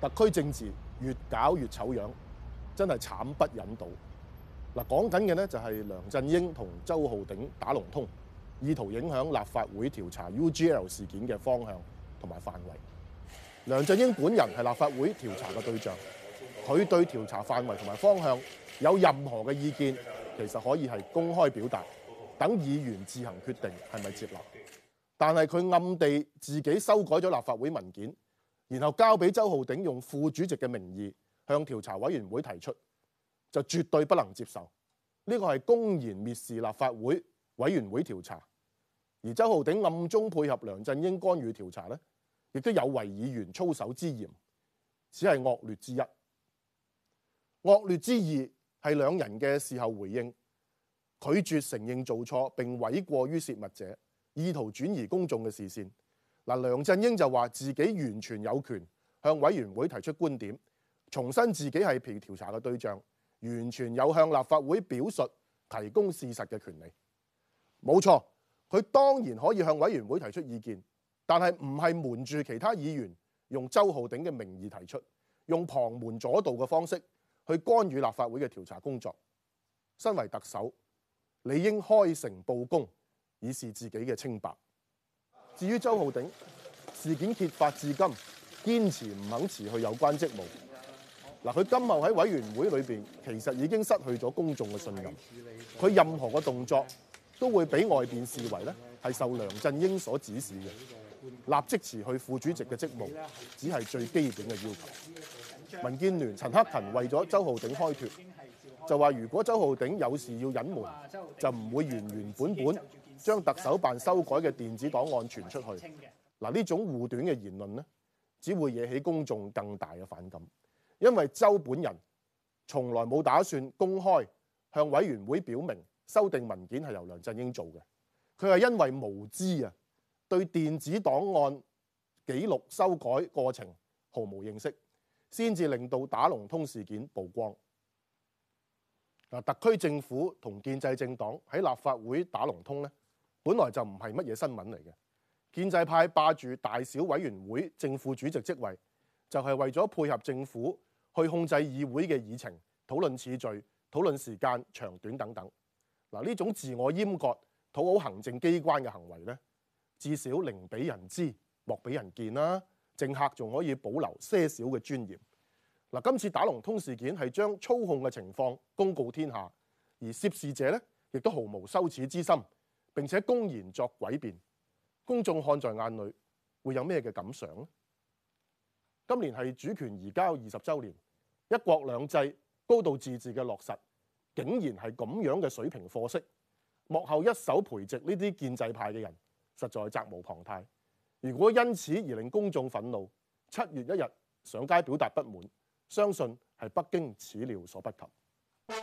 特區政治越搞越醜樣，真係慘不忍睹。嗱，講緊嘅呢，就係梁振英同周浩鼎打龍通，意圖影響立法會調查 UGL 事件嘅方向同埋範圍。梁振英本人係立法會調查嘅對象，佢對調查範圍同埋方向有任何嘅意見，其實可以係公開表達，等議員自行決定係咪接納。但係佢暗地自己修改咗立法會文件。然後交俾周浩鼎用副主席嘅名義向調查委員會提出，就絕對不能接受。呢個係公然蔑視立法會委員會調查，而周浩鼎暗中配合梁振英干預調查呢亦都有違議員操守之嫌。只係惡劣之一。惡劣之二係兩人嘅事後回應，拒絕承認做錯，並諉過於泄密者，意圖轉移公眾嘅視線。嗱，梁振英就話自己完全有權向委員會提出觀點，重申自己係被調查嘅對象，完全有向立法會表述、提供事實嘅權利。冇錯，佢當然可以向委員會提出意見，但係唔係瞞住其他議員，用周浩鼎嘅名義提出，用旁門左道嘅方式去干預立法會嘅調查工作。身為特首，理應開誠布公，以示自己嘅清白。至於周浩鼎事件揭發至今，堅持唔肯辭去有關職務。嗱，佢今後喺委員會裏面其實已經失去咗公眾嘅信任。佢任何嘅動作都會俾外邊視為咧係受梁振英所指使嘅。立即辭去副主席嘅職務，只係最基本嘅要求。民建聯陳克勤為咗周浩鼎開脱。就話如果周浩鼎有事要隱瞞，就唔會原原本本將特首辦修改嘅電子檔案傳出去。嗱，呢種護短嘅言論呢，只會惹起公眾更大嘅反感。因為周本人從來冇打算公開向委員會表明修訂文件係由梁振英做嘅，佢係因為無知啊，對電子檔案記錄修改過程毫無認識，先至令到打龍通事件曝光。嗱，特區政府同建制政黨喺立法會打龍通呢，本來就唔係乜嘢新聞嚟嘅。建制派霸住大小委員會正副主席職位，就係為咗配合政府去控制議會嘅議程、討論次序、討論時間長短等等。嗱，呢種自我閹割、討好行政機關嘅行為呢，至少寧俾人知，莫俾人見啦。政客仲可以保留些少嘅尊嚴。嗱，今次打龍通事件係將操控嘅情況公告天下，而涉事者呢亦都毫無羞恥之心，並且公然作詭辯，公眾看在眼裏，會有咩嘅感想呢？今年係主權移交二十週年，一國兩制高度自治嘅落實，竟然係咁樣嘅水平貨色，幕後一手培植呢啲建制派嘅人，實在責無旁貸。如果因此而令公眾憤怒，七月一日上街表達不滿。相信係北京始料所不及。